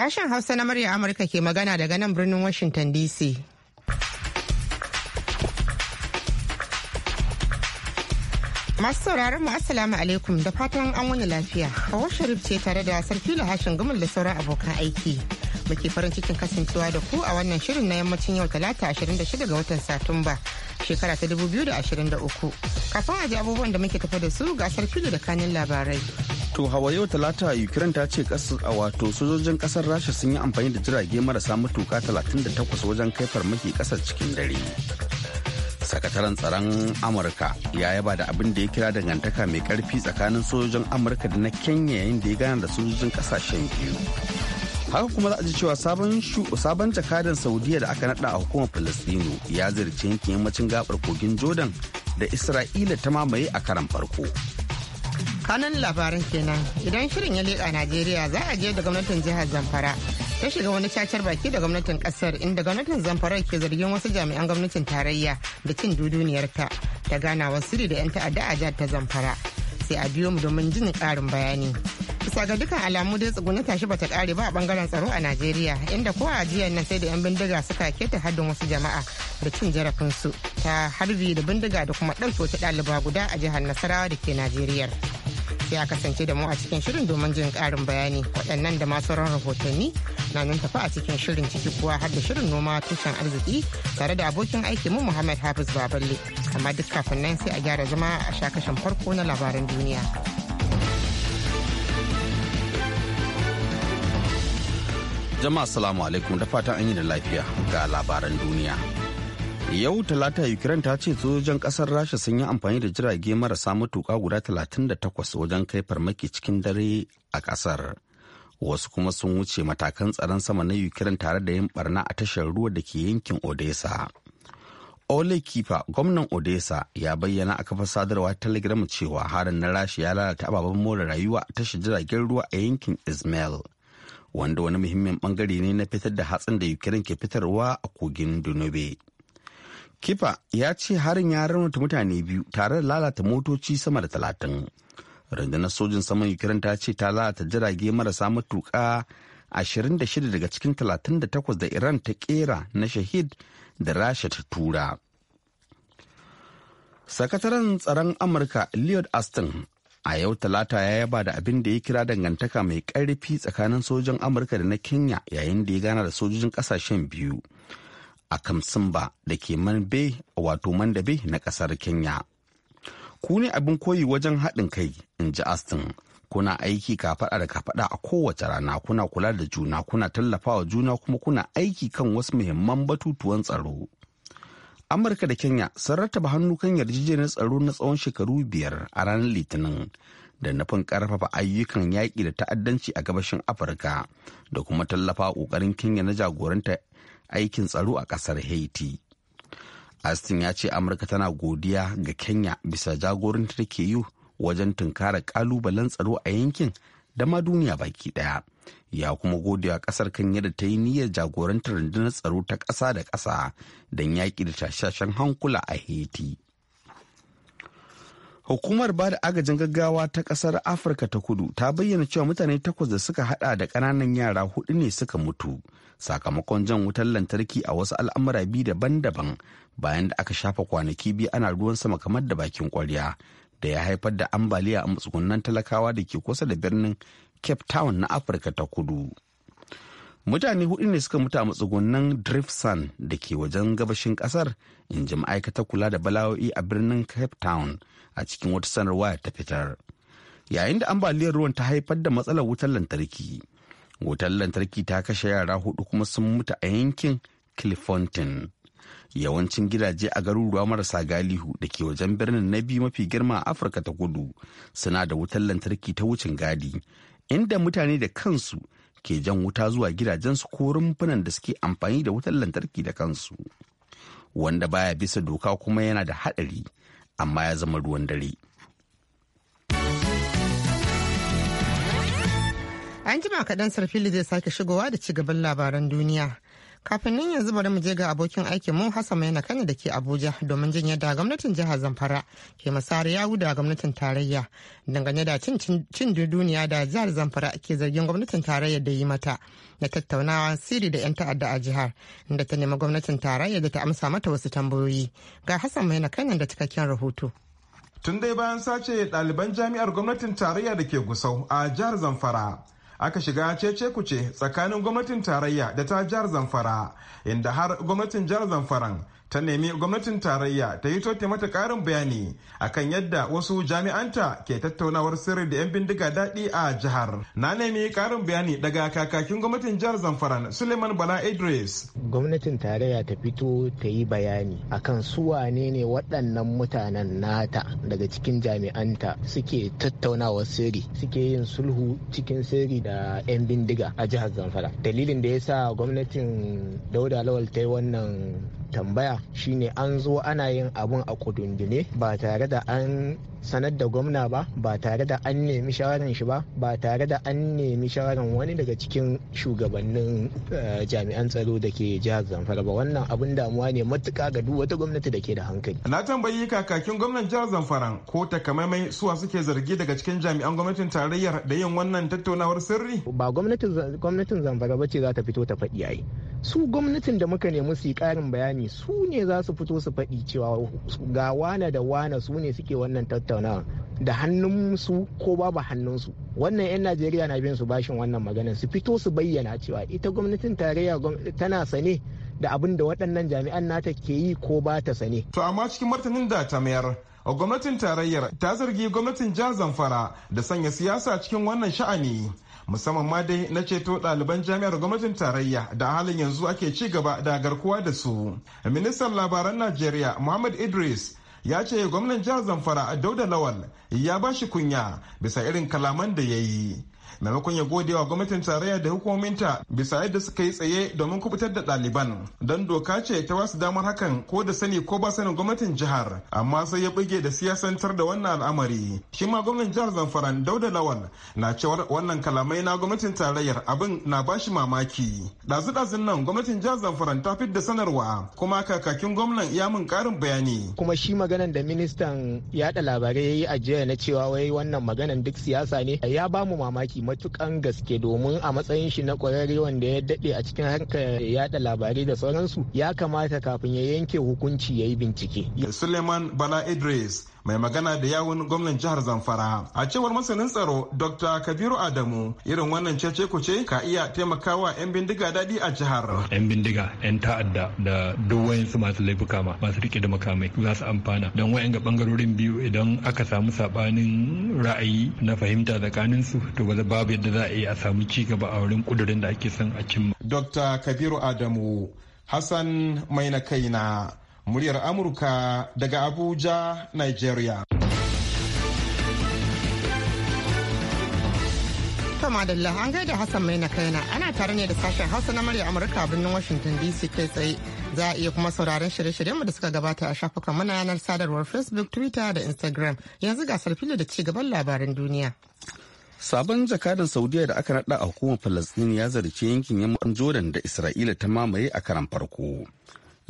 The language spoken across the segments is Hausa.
Sashen Hausa na murya Amurka ke magana daga nan birnin Washington DC. Masu sauraron mu Assalamu alaikum da fatan an wani lafiya. Hawa Sharif ce tare da Sarfila Hashin Gumal da sauran abokan aiki. muke farin cikin kasancewa da ku a wannan shirin na yammacin yau talata 26 ga watan satumba shekara ta 2023 kafin a ji abubuwan da muke tafa da su gasar fili da kanin labarai to hawa yau talata ukraine ta ce kasar a wato sojojin kasar rasha sun yi amfani da jirage marasa matuka 38 wajen kai farmaki kasar cikin dare sakataren tsaron amurka ya yaba da abin da ya kira dangantaka mai karfi tsakanin sojojin amurka da na kenya yayin da ya gana da sojojin kasashen biyu haka kuma za a ji cewa sabon jakadan saudiya da aka nada a hukumar palestino ya ziyarci yankin yammacin gabar kogin jordan da isra'ila ta mamaye a karan farko kanan labaran kenan idan shirin ya leƙa najeriya za a je da gwamnatin jihar zamfara ta shiga wani cacar baki da gwamnatin kasar inda gwamnatin zamfara ke zargin wasu jami'an gwamnatin tarayya da cin duduniyarta ta ganawa sirri da 'yan ta'adda a jihar ta zamfara sai a biyo mu domin jin karin bayani bisa ga dukkan alamu dai na tashi bata kare ba a bangaren tsaro a najeriya inda ko a jiyan nan sai da yan bindiga suka keta haddin wasu jama'a da cin jarafin su ta harbi da bindiga da kuma ɗauke wata ɗaliba guda a jihar nasarawa da ke najeriya sai a kasance da mu a cikin shirin domin jin karin bayani waɗannan da masu ran rahotanni na nan tafi a cikin shirin ciki kuwa har da shirin noma tushen arziki tare da abokin aiki mu muhammad hafiz baballe amma duk kafin nan sai a gyara zama a shakashin farko na labaran duniya. Jama'a salamu alaikum da fatan an yi da lafiya ga labaran duniya. Yau talata Ukraine ta ce sojan kasar Rasha sun yi amfani da jirage marasa matuƙa guda 38 wajen kai farmaki cikin dare a kasar. Wasu kuma sun wuce matakan tsaron sama na Ukraine tare da yin barna a tashar ruwa da ke yankin Odessa. Ole Kifa, gwamnan Odessa, ya bayyana a kafar sadarwa Telegram cewa harin na Rasha ya lalata ababen more rayuwa a tashar jiragen ruwa a yankin Ismail. wanda wani muhimmin bangare ne na fitar da hatsin da ukraine ke fitarwa a kogin dunube kifa ya ce harin ya raunata mutane biyu tare da lalata motoci sama da talatin rundunar sojin saman ukraine ta ce ta lalata jirage marasa matuka 26 daga cikin 38 da iran ta kera na shahid da rasha ta tura sakataren tsaron amurka leod aston a yau talata ya yaba da abin da ya kira dangantaka mai ƙarfi tsakanin sojojin amurka da na kenya yayin da ya gana da sojojin ƙasashen biyu a kamsimba da ke manbe wato mandabe na ƙasar kenya ku ne abin koyi wajen haɗin kai in ji astin kuna aiki kafaɗa da kafaɗa a kowace rana kuna kula da juna kuna tallafawa juna kuma kuna aiki kan wasu muhimman batutuwan tsaro amurka da kenya sun rattaba hannu kan yarjejeniyar tsaro na tsawon shekaru biyar a ranar litinin da nufin karfafa ayyukan yaƙi da ta'addanci a gabashin afirka da kuma tallafa ƙoƙarin kenya na jagoranta aikin tsaro a ƙasar haiti astin ya ce amurka tana godiya ga kenya bisa jagoranta da ke yi wajen tunkara ƙalubalen tsaro a yankin da ma duniya baki daya ya kuma godewa kasar kan da ta yi niyyar jagorantar rundunar tsaro ta ƙasa da ƙasa don yaƙi da tashashen hankula a haiti hukumar ba da agajin gaggawa ta ƙasar afirka ta kudu ta bayyana cewa mutane takwas da suka hada da ƙananan yara hudu ne suka mutu sakamakon jan wutar lantarki a wasu al'amura biyu daban-daban bayan da aka shafa kwanaki biyu ana ruwan sama kamar da bakin kwarya da ya haifar da ambaliya a matsugunan talakawa da ke kusa da birnin cape town na afirka ta kudu mutane hudu ne suka mutu a matsugunan driftsan da ke wajen gabashin kasar in ji ma'aikatar kula da bala'o'i a birnin cape town a cikin wata sanarwa ta fitar yayin da ambaliyar ruwan ta haifar da matsalar wutar lantarki wutar lantarki ta kashe yara hudu kuma sun mutu a yankin cliffontin yawancin gidaje a garuruwa marasa galihu da ke wajen birnin na biyu mafi girma a afirka ta kudu suna da wutar lantarki ta wucin gadi inda mutane da kansu ke jan wuta zuwa gidajensu ko rumfunan da suke amfani da wutar lantarki da kansu wanda baya bisa doka kuma yana da haɗari amma ya zama ruwan dare an jima kaɗan sarfili zai sake shigowa da ci gaban labaran duniya Kafin nan yanzu bari mu je ga abokin aikin mu Hassan na kane da ke Abuja domin jin yadda gwamnatin jihar Zamfara ke masari ya da gwamnatin tarayya dangane da cin duniya da jihar Zamfara ke zargin gwamnatin tarayya da yi mata na tattaunawa siri da 'yan ta'adda a jihar inda ta nemi gwamnatin tarayya da ta amsa mata wasu tambayoyi ga Hassan na Kano da cikakken rahoto. Tun dai bayan sace ɗaliban jami'ar gwamnatin tarayya da ke Gusau a jihar Zamfara. aka shiga cece kuce tsakanin gwamnatin tarayya da ta jihar zamfara inda har gwamnatin jihar zamfaran ta nemi gwamnatin tarayya ta yi tote mata karin bayani akan yadda wasu jami'anta ke tattaunawar sirri da 'yan bindiga daɗi a jihar na nemi karin bayani daga kakakin gwamnatin jihar zamfara suleiman bala idris gwamnatin tarayya ta fito ta yi bayani akan su wane ne waɗannan mutanen nata daga cikin jami'anta suke tattaunawar sirri suke yin sulhu cikin sirri da 'yan bindiga a jihar zamfara dalilin da ya sa gwamnatin dauda lawal ta yi wannan tambaya shine an zo ana yin abun a kudundune ba tare da an sanar da gwamna ba ba tare da an nemi shawaran shi ba ba tare da an nemi shawaran wani daga cikin shugabannin eh, jami'an tsaro da ke jihar zamfara ba wannan abin damuwa ne matuka ga duk wata gwamnati da ke da hankali na tambayi kakakin gwamnan jihar zamfara ko takamaimai suwa suke zargi daga cikin jami'an gwamnatin tarayyar da yin wannan tattaunawar sirri ba gwamnatin zamfara ba ce za ta fito ta faɗi yayi su gwamnatin da muka nemi su yi ƙarin bayani su ne za su fito su faɗi cewa ga wane da wane su ne suke wannan tattaunawar tattaunawa da hannun su ko babu hannun su wannan 'yan najeriya na bin su bashin wannan magana su fito su bayyana cewa ita gwamnatin tarayya tana sane da abin da waɗannan jami'an nata ke yi ko ba ta sane. To amma cikin martanin da ta mayar gwamnatin tarayyar ta zargi gwamnatin jihar Zamfara da sanya siyasa cikin wannan sha'ani. musamman ma dai na ceto ɗaliban jami'ar gwamnatin tarayya da halin yanzu ake ci gaba da garkuwa da su. Ministan labaran Najeriya Muhammad Idris ya ce gwamnan jihar zamfara a dauda lawal ya ba shi kunya bisa irin kalaman da ya yi maimakon ya gode wa gwamnatin tarayya da hukumominta bisa yadda suka yi tsaye domin kubutar da ɗaliban don doka ce ta wasu damar hakan ko da sani ko ba sanin gwamnatin jihar amma sai ya buge da siyasantar da wannan al'amari shi ma gwamnan jihar zamfaran dauda lawal na cewar wannan kalamai na gwamnatin tarayyar abin na bashi mamaki ɗazu-ɗazun nan gwamnatin jihar zamfaran ta da sanarwa kuma kakakin gwamnan ya mun karin bayani kuma shi maganan da ministan yaɗa labarai ya yi a jiya na cewa wai wannan maganan duk siyasa ne ya bamu mamaki matukan gaske domin a matsayin shi na kwararre wanda ya dade a cikin harkar yada labarai da sauransu ya kamata kafin ya yanke hukunci ya yi bincike. Suleiman Bala Idris mai magana da yawun gwamnan jihar zamfara a cewar masanin tsaro dr kabiru adamu irin wannan cece ce ka iya taimakawa 'yan bindiga daɗi a jihar 'yan bindiga 'yan ta'adda da duk wayansu masu laifuka ma masu rike da makamai za su amfana don wayan ga bangarorin biyu idan aka samu sabanin ra'ayi na fahimta tsakanin su to ba babu yadda za a yi a samu ci gaba a wurin kudurin da ake son a cimma dr kabiru adamu hassan mai na kaina muryar amurka daga abuja nigeria madalla an gaida hassan mai na kai na ana tare ne da sashen hausa na murya amurka birnin washington dc kai tsaye za a iya kuma sauraron shirye-shiryenmu da suka gabata a shafukan mana yanar sadarwar facebook twitter da instagram yanzu gasar fili da ci gaban labaran duniya sabon jakadan saudiya da aka naɗa a hukumar falastin ya zarce yankin yamman jordan da isra'ila ta mamaye a karan farko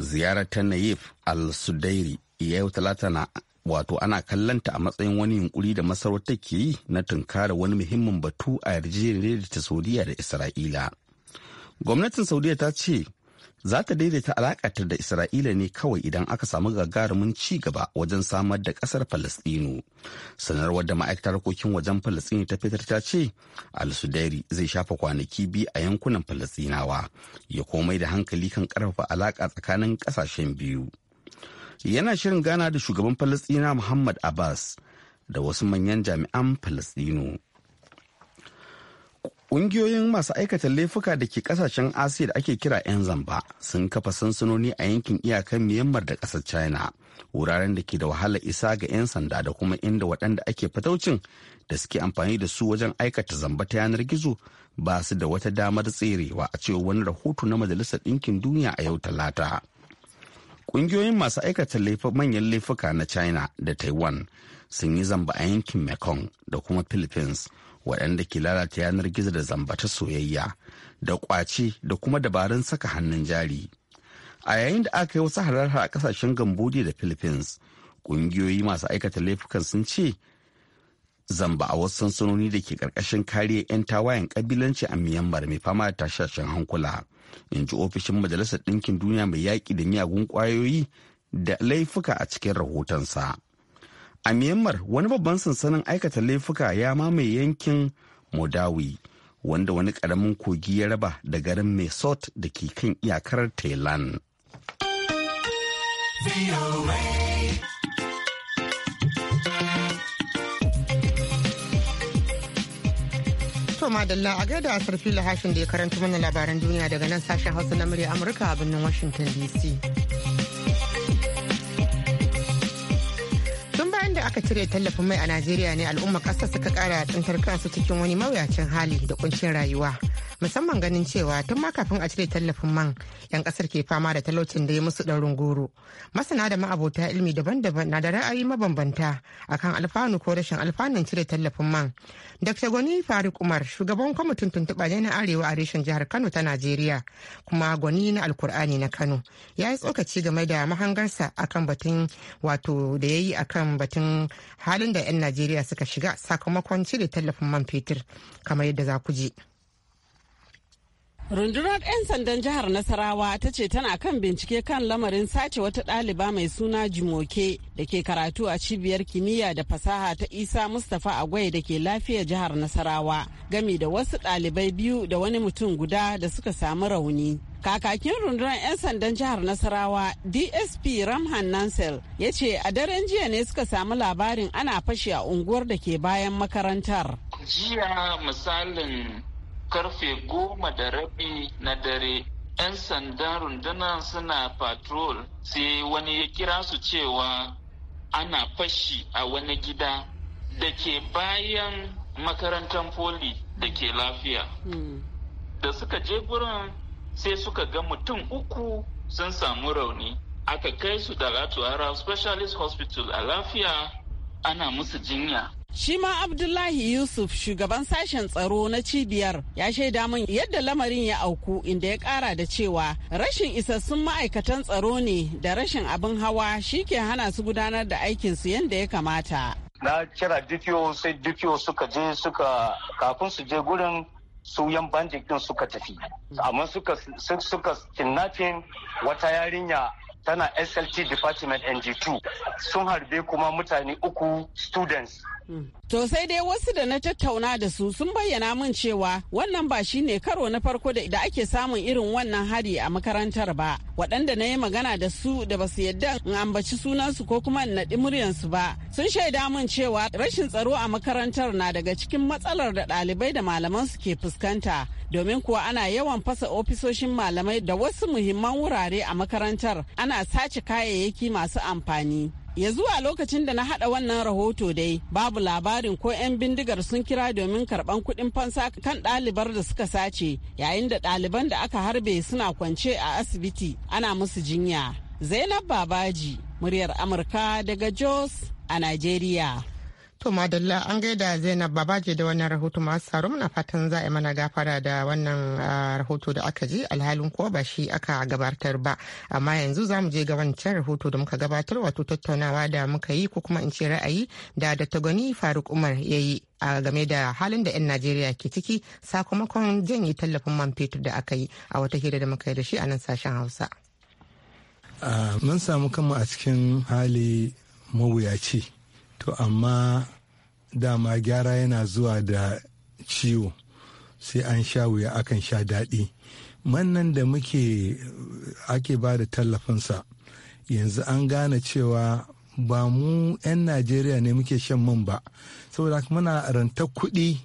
ziyarar ta nayif al-sudairi yau talata na wato ana kallanta a matsayin wani yunkuri da masarautar ke yi na tunkara wani muhimmin batu a yarjejeniyar da ta saudiya da isra'ila gwamnatin saudiya ta ce za ta daidaita alakatar da Isra'ila ne kawai idan aka samu gagarumin ci gaba wajen samar da ƙasar Falasɗinu. Sanarwar da ma'aikatar harkokin wajen falastinu ta fitar ta ce, Al-Sudairi zai shafa kwanaki biyu a yankunan Falasɗinawa, ya komai da hankali kan ƙarfafa alaƙa tsakanin ƙasashen biyu. Yana shirin gana da shugaban falastina Muhammad Abbas da wasu manyan jami'an Falasɗinu. Ƙungiyoyin masu aikata laifuka da ke ƙasashen Asiya da ake kira 'yan zamba sun kafa sansanoni a yankin iyakan Myanmar da ƙasar China, wuraren da ke da wahala isa ga 'yan sanda da kuma inda waɗanda ake fataucin da suke amfani da su wajen aikata zamba ta yanar gizo ba su da wata damar tserewa a cewa wani rahoto na Majalisar Ɗinkin Duniya a yau Talata. Ƙungiyoyin masu aikata manyan laifuka na China da Taiwan sun yi zamba a yankin Mekong da kuma Philippines. waɗanda ke lalata yanar gizo da zambata soyayya da ƙwace da kuma dabarun saka hannun jari a yayin da aka yi wasu halarta a kasashen gambodi da philippines ƙungiyoyi masu aikata laifukan sun ce zamba a wasu sansanoni da ke ƙarƙashin kariyar 'yan tawayen ƙabilanci a myanmar mai fama da tashashen hankula in ji ofishin majalisar ɗinkin duniya mai yaƙi da miyagun ƙwayoyi da laifuka a cikin rahotonsa. a myanmar wani babban sansanin aikata laifuka ya mamaye yankin modawi wanda wani karamin kogi ya raba da garin mesot da ke kan iyakar thailand madalla a gaida asar fili hashin da ya karanta mana labaran duniya daga nan sashen hausa na murya Amurka a birnin Washington DC. da aka cire tallafin mai a Najeriya ne al'umma ƙasar suka ƙara tsintar kansu cikin wani mawuyacin hali da kuncin rayuwa. musamman ganin cewa tun ma kafin a cire tallafin man 'yan kasar ke fama da talaucin da ya musu ɗaurin goro masana da ma'abota ilmi daban-daban na da ra'ayi mabambanta akan alfanu ko rashin alfanun cire tallafin man dr gwani faruk umar shugaban kwamitin tuntuɓa na arewa a reshen jihar kano ta najeriya kuma gwani na alkur'ani na kano ya yi tsokaci game da mahangarsa akan batun wato da ya yi akan batun halin da 'yan najeriya suka shiga sakamakon cire tallafin man fetur kamar yadda za ku ji. rundunar 'yan sandan jihar nasarawa ta ce tana kan bincike kan lamarin sace wata ɗaliba mai suna jimoke da ke karatu a cibiyar kimiyya da fasaha ta isa mustapha agwai da ke lafiya jihar nasarawa gami da wasu ɗalibai biyu da wani mutum guda da suka samu rauni kakakin rundunar 'yan sandan jihar nasarawa dsp ramhan nansel ya ce a daren jiya ne suka samu labarin ana fashe a unguwar da ke bayan makarantar jiya misalin karfe goma da rabi na dare 'yan sandan rundunar suna patrol sai wani ya kira su cewa ana fashi a wani gida da ke bayan makarantar poli da ke lafiya hmm. da suka je gurin sai suka ga mutum uku sun samu rauni aka kai su da ratuwara specialist hospital a lafiya ana musu jinya Shi ma Abdullahi Yusuf shugaban sashen tsaro na cibiyar ya shaida min yadda lamarin ya auku inda ya kara da cewa rashin isassun ma'aikatan tsaro ne da rashin abin hawa shi ke hana su gudanar da aikinsu yadda ya kamata. Na kira dukiyo sai dukiyo suka je suka kafin su je gurin su yan bandit din suka tafi amma suka suka kidnapping wata yarinya tana slt department ng2 sun harbe kuma mutane uku students hmm. To sai dai wasu da na tattauna da su sun bayyana min cewa wannan ba shi ne karo na farko da ake samun irin wannan hari a makarantar ba. Waɗanda na yi magana da su da ba su yadda in ambaci sunansu ko kuma in naɗi muryansu ba. Sun shaida min cewa rashin tsaro a makarantar na daga cikin matsalar da ɗalibai da malaman su ke fuskanta. Domin kuwa ana yawan fasa ofisoshin malamai da wasu muhimman wurare a makarantar. Ana ana sace kayayyaki masu amfani. ya zuwa lokacin da na hada wannan rahoto dai babu labarin ko 'yan bindigar sun kira domin karban kudin fansa kan dalibar da suka sace yayin da daliban da aka harbe suna kwance a asibiti ana musu jinya zainab babaji muryar amurka daga jos a nigeria To Madalla an gaida Zainab Babaje da wannan rahoto masu tsaro muna fatan za a yi mana gafara da wannan ah, rahoto da aka ji alhalin ko ba shi aka gabatar ba. Amma yanzu za mu je ga wancan rahoto da muka gabatar wato tattaunawa da muka yi ko kuma in ce ra'ayi da tagoni Faruk Umar ya yi a game da halin da 'yan Najeriya ke ciki sakamakon janye tallafin man fetur da aka yi a wata hira da muka yi da shi a nan sashen Hausa. Ah, mun samu kanmu a cikin hali mawuyaci. to amma dama gyara yana zuwa da ciwo sai an sha wuya akan sha daɗi mannan da muke ake ba da tallafinsa yanzu an gane cewa ba mu 'yan najeriya ne muke shan man ba saboda muna ranta kuɗi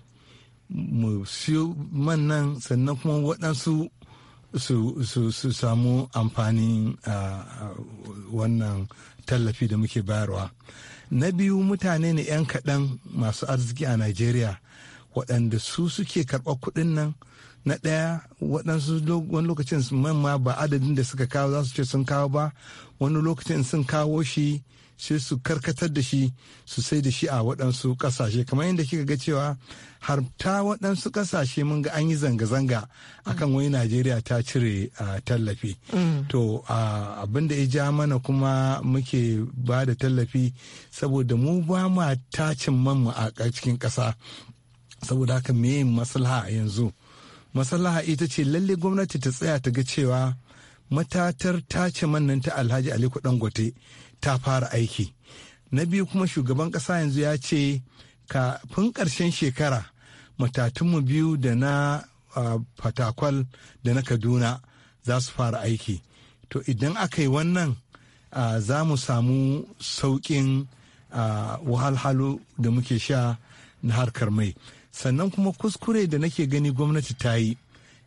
mu siyo man nan sannan kuma waɗansu su, samu amfanin ah, wannan tallafi da muke bayarwa na biyu mutane ne 'yan kaɗan masu arziki a najeriya waɗanda su suke karɓar kuɗin nan na ɗaya waɗansu wani lokacin man ma ba adadin da suka kawo za su ce sun kawo ba wani lokacin sun kawo shi sai su karkatar da shi su sai da shi a waɗansu ƙasashe kamar yadda kika ga cewa har ta waɗansu ƙasashe mun ga an yi zanga-zanga a kan wani najeriya ta cire tallafi mm. to abin da ja mana kuma muke ba da tallafi saboda mu ba ma tacin manmu a cikin ƙasa saboda haka me maslaha yanzu maslaha ita ce lalle gwamnati ta tsaya ta ga cewa matatar tace mannan ta alhaji aliko dangote ta fara aiki na biyu kuma shugaban ƙasa yanzu ya ce kafin ƙarshen shekara matatunmu biyu da na fatakwal da na kaduna za su fara aiki to idan aka yi wannan za mu samu sauƙin wahalhalu da muke sha na harkar mai sannan kuma kuskure da nake gani gwamnati ta yi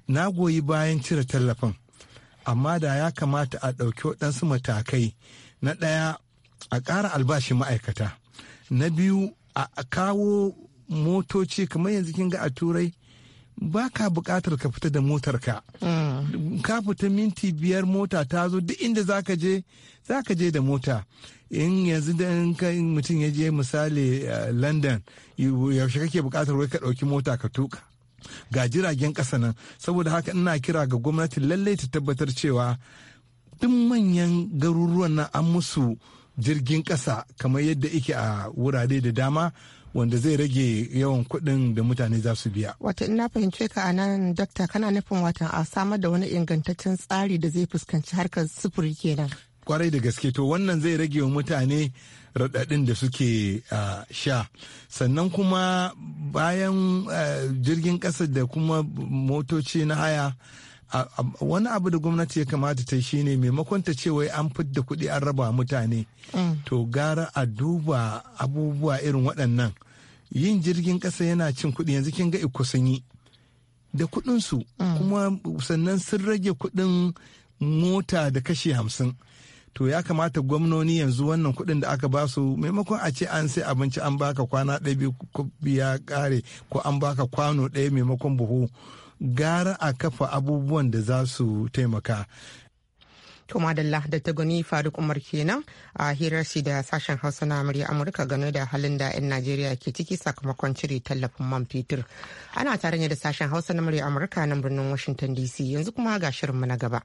na goyi bayan cire tallafin amma da ya kamata a ɗauki waɗansu matakai na ɗaya a ƙara albashin ma'aikata na biyu a kawo motoci kamar yanzu kin ga a turai ba ka buƙatar ka fita da motarka mm. ka fita minti biyar mota ta zo duk inda za ka je za ka je da mota in yanzu da in mutum ya je misali eh, london yaushe kake buƙatar wai ka ɗauki mota ka tuka ga jiragen ƙasa nan saboda haka ina kira ga gwamnati lallai ta tabbatar cewa duk manyan garuruwan nan an musu jirgin kasa kamar yadda ike a wurare da dama wanda zai rage yawan kuɗin da mutane za su biya. wata ina fahimce ka a nan dokta kana nufin watan a samar da wani ingantaccen tsari da zai fuskanci harkar sufuri kenan. Kwarai da gaske to wannan zai rage wa mutane raɗaɗin da suke sha sannan kuma bayan eh, jirgin ƙasa da kuma motoci na haya. wani abu da gwamnati ya kamata ta shine maimakon ta ce wai an fidda kuɗi an raba mutane mm. to gara a duba abubuwa irin waɗannan yin jirgin ƙasa yana cin kuɗi yanzu kin ga sun yi da kuɗin su. Mm. kuma sannan sun rage kuɗin mota da kashi hamsin to ya kamata gwamnoni yanzu wannan kuɗin da aka ba su maimakon a ce an sai abinci an baka kwana ɗaya biyu ya ƙare ko an baka kwano ɗaya maimakon buhu gara a kafa abubuwan da za su taimaka To madalla da ta gani Faruk Umar kenan a hirar shi da sashen Hausa na murya Amurka game da halin da 'yan Najeriya ke ciki sakamakon cire tallafin man fetur. Ana tare ne da sashen Hausa na murya Amurka nan birnin Washington DC yanzu kuma ga shirinmu na gaba.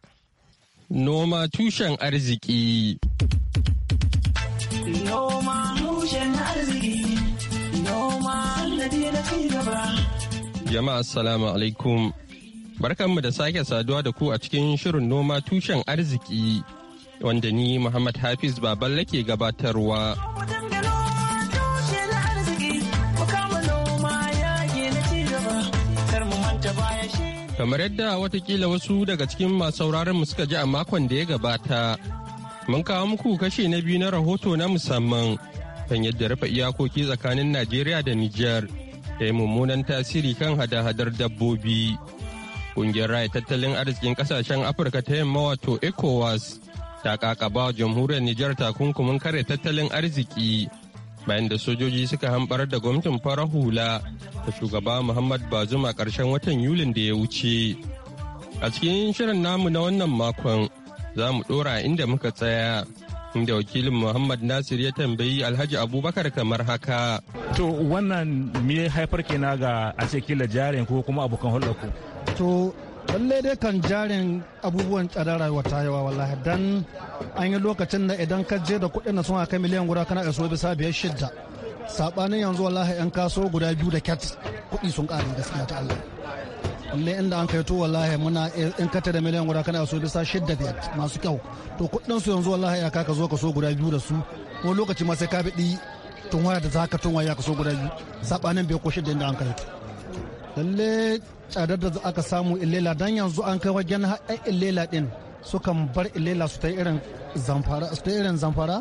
Noma tushen arziki. Noma tushen arziki. Noma gaba. Jama'a assalamu alaikum. Barkanmu da sake saduwa da ku a cikin shirin noma tushen arziki wanda ni Muhammad Hafiz Baballe ke gabatarwa. Kamar yadda watakila wasu daga cikin masu mu suka ji a makon da ya gabata, mun kawo muku kashe na biyu na rahoto na musamman kan yadda rufe iyakoki tsakanin Najeriya da Nijar. ta yi mummunan tasiri kan hada-hadar dabbobi. ƙungiyar raya tattalin arzikin ƙasashen Afirka ta yamma wato ECOWAS ta kakaba jamhuriyar Nijar ta takunkumin kare tattalin arziki bayan da sojoji suka hambar da gwamnatin farar hula da shugaba Muhammad ba a ƙarshen watan Yulin da ya wuce. A cikin shirin namu na wannan makon za mu ɗora inda muka tsaya inda wakilin Muhammad Nasir ya tambayi Alhaji Abubakar kamar haka. To wannan me haifar kenan ga a ce kila jarin ko kuma abokan hulɗar ku. To lallai dai kan jarin abubuwan tsadar rayuwa ta yawa wallahi dan an yi lokacin da idan ka je da kuɗin da sun haka miliyan guda kana iso bisa biyar shidda sabanin yanzu wallahi yan kaso guda biyu da cat kuɗi sun ƙare gaskiya ta Allah lalle inda an kai to wallahi muna in kata da miliyan guda kana so bisa shidda biyar masu kyau to kudin su yanzu wallahi ya ka zo ka so guda biyu da su ko lokaci ma sai ka biɗi tun waya da zaka tun waya ka so guda biyu sabanin bai ko shidda inda an kai lalle tsadar da aka samu illela dan yanzu an kai wajen haɗin illela din sukan bar illela su ta irin zamfara su ta irin zamfara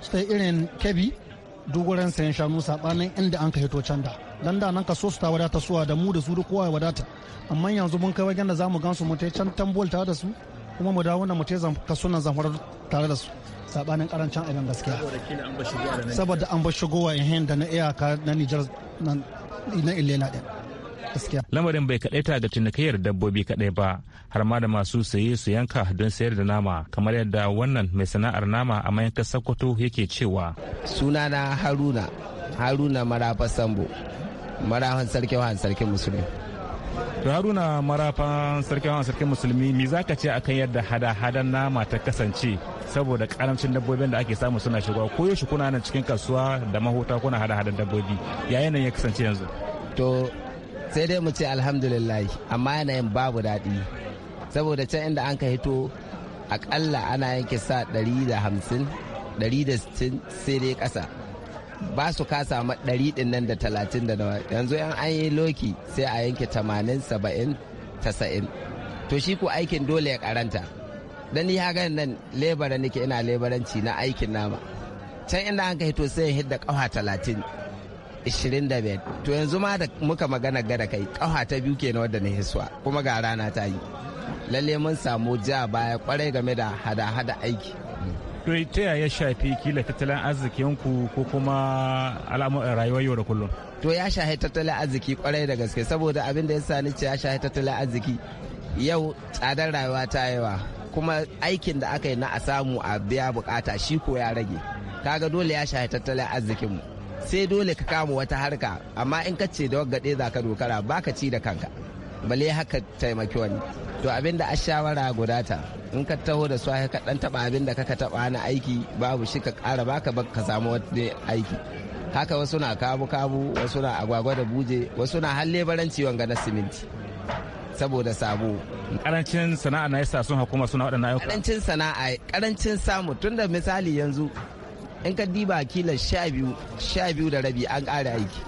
su ta irin kebi wurin sayan shanu sabanin inda an kai to can da dan da nan so su ta wadata suwa da mu da su da kowa ya wadata amma yanzu mun kai wajen da za zamu gansu mu can tambol tare da su kuma mu dawo nan mu ta kaso nan zamfara tare da su sabanin karancin abin gaskiya saboda an bar shigowa ihin da na iyaka na Nijar na Ilena din gaskiya. Lamarin bai ta ga cinikayyar dabbobi kaɗai ba, har ma da masu saye su yanka don sayar da nama, kamar yadda wannan mai sana'ar nama a mayankar Sokoto yake cewa. Sunana Haruna, Haruna Marafa Sambo. marafan sarkin wa sarkin musulmi to haruna marafan sarkin wa sarkin musulmi me zaka ce akan yadda hada-hadan nama ta kasance saboda karamcin dabbobin da ake samu suna shigowa ko yaushe kuna nan cikin kasuwa da mahuta kuna hada-hadan dabbobi yayin nan ya kasance yanzu to sai dai mu ce alhamdulillah amma yanayin babu daɗi saboda can inda an ka hito akalla ana yanke sa 150 160 sai dai ƙasa ba su kasa ma ɗari ɗin nan da talatin da nawa yanzu yan an yi loki sai a yanke tamanin saba'in tasa'in to shi ku aikin dole ya karanta dan ya ga nan lebara nake ina lebaranci na aikin nama can inda an kai to sai hidda kafa talatin ishirin da biyar to yanzu ma da muka magana gada kai kafa ta biyu kenan wadda na hiswa kuma ga rana ta yi lalle mun samu ja baya kwarai game da hada-hada aiki to ta yaya ya shafi kila tattalin arzikin ku ko kuma al'amuran rayuwar yau da kullum to ya shafi tattalin arziki kwarai da gaske saboda abin da ya sani ce ya shafi tattalin arziki yau tsadar rayuwa ta yawa kuma aikin da aka yi na a samu a biya bukata shi ko ya rage kaga dole ya shahe tattalin arzikin mu sai dole ka kama wata harka amma in ka ce da waggaɗe za ka dokara ba ci da kanka bale haka taimaki wani to abin da a shawara guda ta in ka taho da su ka dan taba abin da kaka taba na aiki babu shi ka kara baka ba ka samu wani aiki haka wasu na kabu kabu wasu na agwagwa da buje wasu na halle baranci wanga na siminti saboda sabo karancin sana'a na yasa sun hukuma suna waɗannan ayyuka karancin sana'a karancin samu tunda misali yanzu in ka diba kila sha biyu sha biyu da rabi an ƙara aiki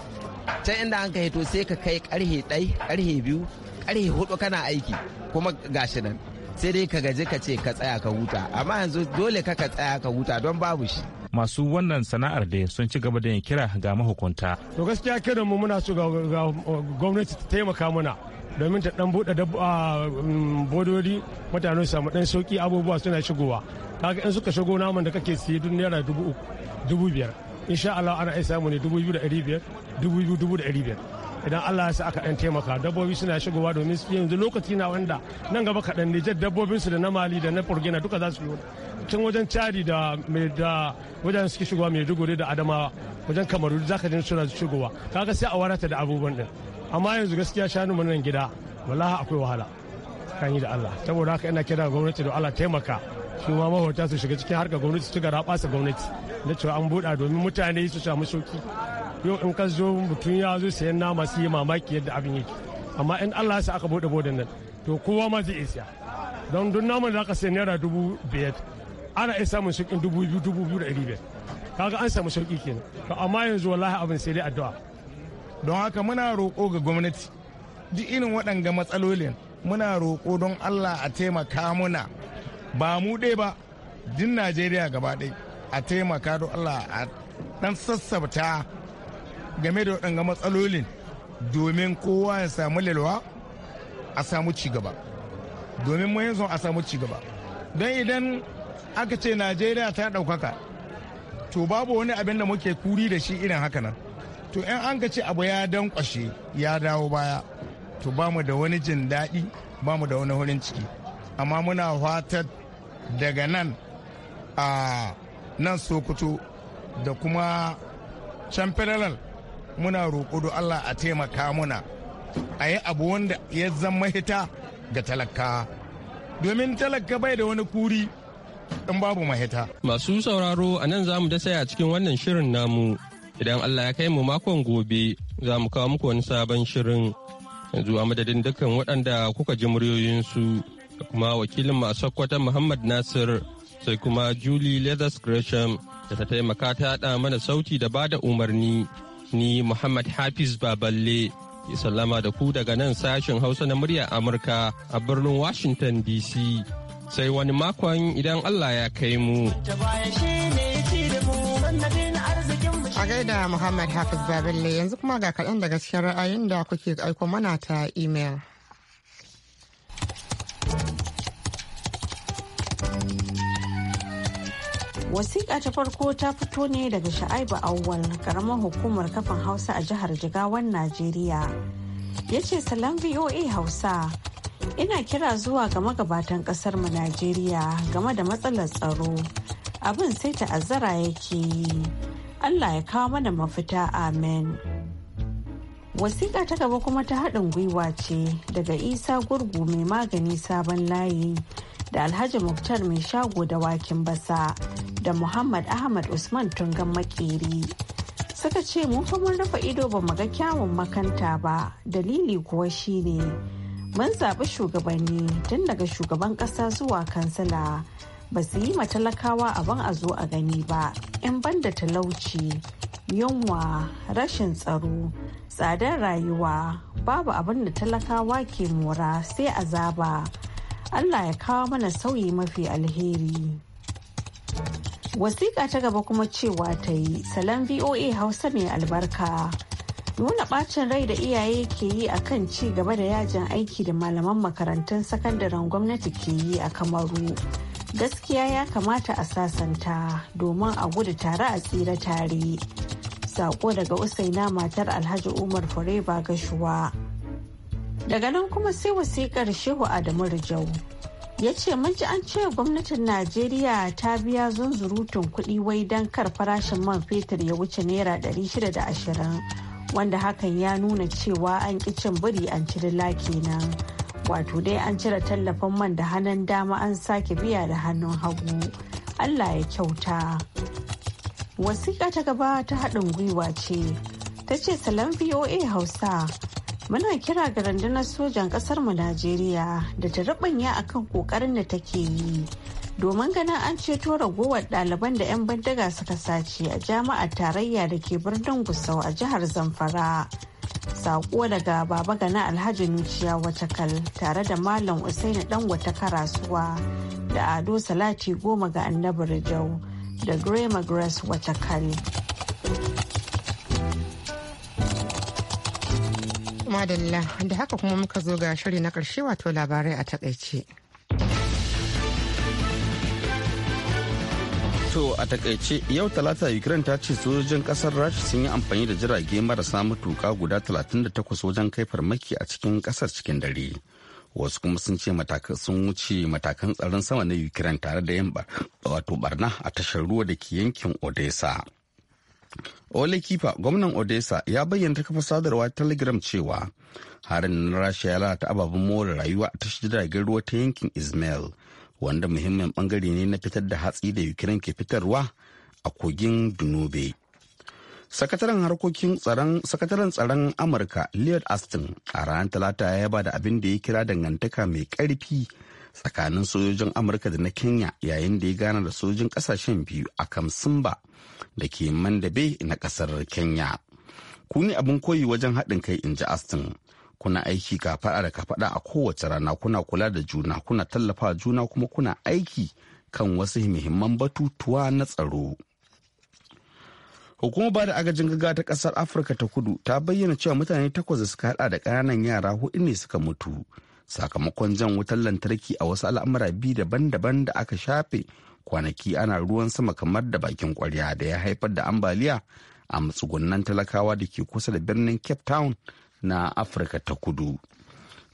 can inda an ka hito sai ka kai karhe ɗai karhe biyu karhe hudu kana aiki kuma gashi nan sai dai ka gaji ka ce ka tsaya ka huta amma yanzu dole ka ka tsaya ka huta don babu shi masu wannan sana'ar da sun ci gaba da yin kira ga mahukunta to gaskiya kiran mu muna so ga gwamnati ta taimaka muna domin ta dan bude mm, bodori mutane su samu dan sauki abubuwa suna shigowa kaga in suka shigo naman da kake siye duk naira dubu biyar insha Allah ana iya mu ne dubu biyu da ɗari biyar dubu biyu dubu da ɗari biyar idan Allah ya sa aka ɗan taimaka dabbobi suna shigowa domin su yanzu lokaci na wanda nan gaba kaɗan jar dabbobin su da na Mali da na furgina duka za su yi tun wajen cari da da wajen suke shigowa dugure da Adamawa wajen Kamaru za ka jin suna shigowa kaga sai a warata da abubuwan din amma yanzu gaskiya shanu mu nan gida wallahi akwai wahala kan yi da Allah saboda haka ina kira gwamnati da Allah taimaka su ma mahota su shiga cikin harkar gwamnati su ci gara gwamnati na cewa an buɗa domin mutane su samu sauki yau in ka zo mutum ya zo sayan nama su yi mamaki yadda abin yake amma in allah sa aka bude bodin nan to kowa ma zai iya don duk naman da aka sayi naira dubu biyar ana iya samun sauƙin dubu biyu dubu biyu da ɗari biyar kaga an samu sauƙi kenan to amma yanzu wallahi abin sai dai addu'a don haka muna roƙo ga gwamnati duk irin waɗanga matsalolin muna roƙo don allah a taimaka muna ba mu ɗaya ba din najeriya gaba ɗaya a taimaka don allah a ɗan sassabta game da waɗanga matsalolin domin kowa ya samu lalwa a samu cigaba domin mun yanzu a samu cigaba don idan aka ce najeriya ta ɗaukaka to babu wani abin da muke kuri da shi irin haka nan to in an ka ce abu ya dan kwashe ya dawo baya to ba mu da wani jin daɗi ba mu da wani hurin ciki amma muna fatar daga nan a nan sokoto da kuma can federal muna roƙo do Allah a taimaka muna a yi abu wanda ya zama hita ga talaka domin talaka bai da wani kuri in babu mahita. Masu sauraro a nan za mu dasa a cikin wannan shirin namu idan Allah ya kai mu makon gobe za mu kawo muku wani sabon shirin yanzu a madadin dukkan waɗanda kuka ji muryoyinsu da kuma wakilin masu kwatan Muhammad Nasir sai kuma Julie Leathers Gresham da ta taimaka ta haɗa mana sauti da bada umarni Ni Muhammad Hafiz Baballe ke sallama da ku daga nan sashen Hausa na muryar Amurka a birnin Washington DC. Sai wani makon idan Allah ya kai mu. A gaida Muhammad Hafiz Baballe yanzu kuma ga kaɗan daga cikin ra'ayin da kuke aiko mana ta imel. wasiƙa ta farko ta fito ne daga sha'aibu awwal karamar hukumar kafin hausa a jihar jigawan najeriya ya ce salam voa hausa ina kira zuwa ga magabatan ƙasar mu najeriya game da matsalar tsaro abin sai ta azara yake yi allah ya kawo mana mafita amen wasiƙa ta gaba kuma ta haɗin gwiwa ce daga isa gurgu mai magani sabon layi da Alhaji Muktar mai shago da wakin basa da Muhammad Ahmad Usman Tungan Makeri. Suka ce mun fa mun rufe ido ba mu ga kyawun makanta ba, dalili kuwa shine mun zaɓi shugabanni tun daga shugaban ƙasa zuwa kansila ba su yi matalakawa abin a zo a gani ba, 'yan banda talauci, yunwa, rashin tsaro, tsadar rayuwa, babu abin da talakawa ke mora sai azaba. Allah ya kawo mana sauyi mafi alheri. Wasiƙa ta gaba kuma cewa ta yi salon VOA Hausa ne albarka. Nuna ɓacin rai da iyaye ke yi a kan ci gaba da yajin aiki da malaman makarantun sakandaren gwamnati ke yi a Kamaru. Gaskiya ya kamata a sasanta domin a gudu tare a tsira tare. Sako daga Usaina matar Alhaji Umar Fure ba Gashuwa. daga nan kuma sai wasikar shehu adamu rijau ya ce mun an ce gwamnatin najeriya ta biya zunzurutun kuɗi wai don kar farashin man fetur ya wuce naira 620 wanda hakan ya nuna cewa an ƙi cin biri an ci dila kenan wato dai an cire tallafin man da hannun dama an sake biya da hannun hagu allah ya kyauta wasiƙa ta gaba ta haɗin gwiwa ce ta ce salon voa hausa muna kira ga rundunar sojan kasar mu Najeriya da ta rabanya akan kokarin da take yi domin ganin an ceto ragowar ɗaliban da 'yan bandaga suka sace a Jama'ar tarayya da ke birnin Gusau a jihar Zamfara. Sako daga Baba Gana Alhaji Nuciya Watakal tare da Malam Usaini dan wata karasuwa da Ado Salati goma ga Annabi Rijau da Grema Grace Watakal. madalla da haka kuma muka zo ga shiri na karshe wato labarai a takaice. To a takaice yau talata Ukraine ta ce sojojin kasar Rasha sun yi amfani da jirage marasa matuka guda 38 wajen kai farmaki a cikin kasar cikin dare. Wasu kuma sun ce sun wuce matakan tsaron sama na Ukraine tare da yin wato barna a tashar ruwa da ke yankin Odessa. Ole Kifa, gwamnan Odessa, ya bayyana kafa sadarwa Telegram cewa harin na Rasha ya lalata ababen more rayuwa a tashar jiragen ruwa ta yankin Ismail, wanda muhimmin bangare ne na fitar da hatsi da Ukraine ke fitarwa a kogin Dunube. Sakataren harkokin tsaron sakataren tsaron Amurka Lloyd Austin a ranar Talata ya yaba da abin da ya kira dangantaka mai ƙarfi tsakanin sojojin amurka da na kenya yayin da ya gana da sojojin kasashen biyu a kamsimba da ke mandabe na kasar kenya ku ne abin koyi wajen haɗin kai in ji astin kuna aiki kafaɗa da kafaɗa a kowace rana kuna kula da juna kuna tallafa juna kuma kuna aiki kan wasu muhimman batutuwa na tsaro hukumar ba da agajin gaggawa ta kasar afirka ta kudu ta bayyana cewa mutane takwas da suka hada da kananan yara hudu ne suka mutu sakamakon jan wutar lantarki a wasu al'amura biyu daban-daban da aka shafe kwanaki ana ruwan sama kamar da bakin kwarya da ya haifar da ambaliya a matsugunan talakawa da ke kusa da birnin cape town na afirka ta kudu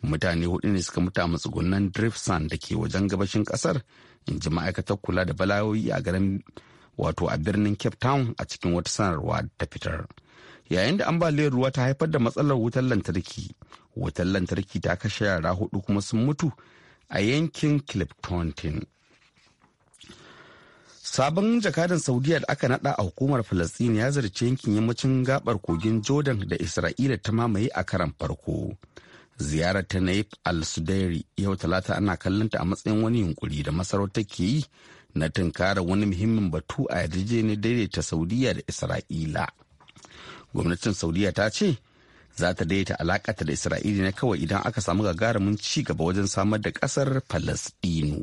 mutane hudu ne suka mutu a matsugunan sand da ke wajen gabashin kasar in ji ma'aikatar kula da balayoyi a garin wato a birnin cape town a cikin wata sanarwa ta fitar yayin da ambaliyar ruwa ta haifar da matsalar wutar lantarki wutar lantarki ta kashe yara hudu kuma sun mutu a yankin cliptontin sabon jakadan saudiya da aka nada a hukumar falastini ya zarce yankin yammacin gabar kogin jordan da isra'ila ta mamaye a karan farko ziyarar ta naif al-sudairi yau talata ana kallonta a matsayin wani yunkuri da masarautar ke yi na tunkara wani muhimmin batu a yarjejeniyar daidaita saudiya da isra'ila gwamnatin saudiya ta ce za ta daidaita alakata da isra'ila ne kawai idan aka samu gagarumin ci gaba wajen samar da kasar falasdinu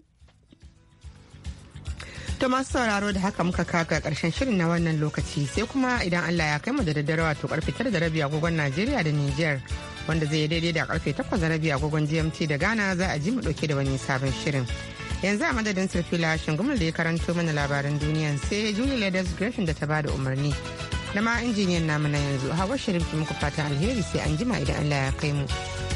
ta masu sauraro da haka muka kaga karshen shirin na wannan lokaci sai kuma idan Allah ya kai mu da daddare wato karfe tara da rabi agogon Najeriya da niger wanda zai daidai da karfe takwas da rabi agogon GMT da Ghana za a ji mu dauke da wani sabon shirin. Yanzu a madadin Sirfila shingumar da ya karanto mana labaran duniya sai Julie Leathers Gresham da ta bada umarni da ma injiniyan namu na yanzu hawa sharif muku fatan alheri sai an jima idan allah ya kai mu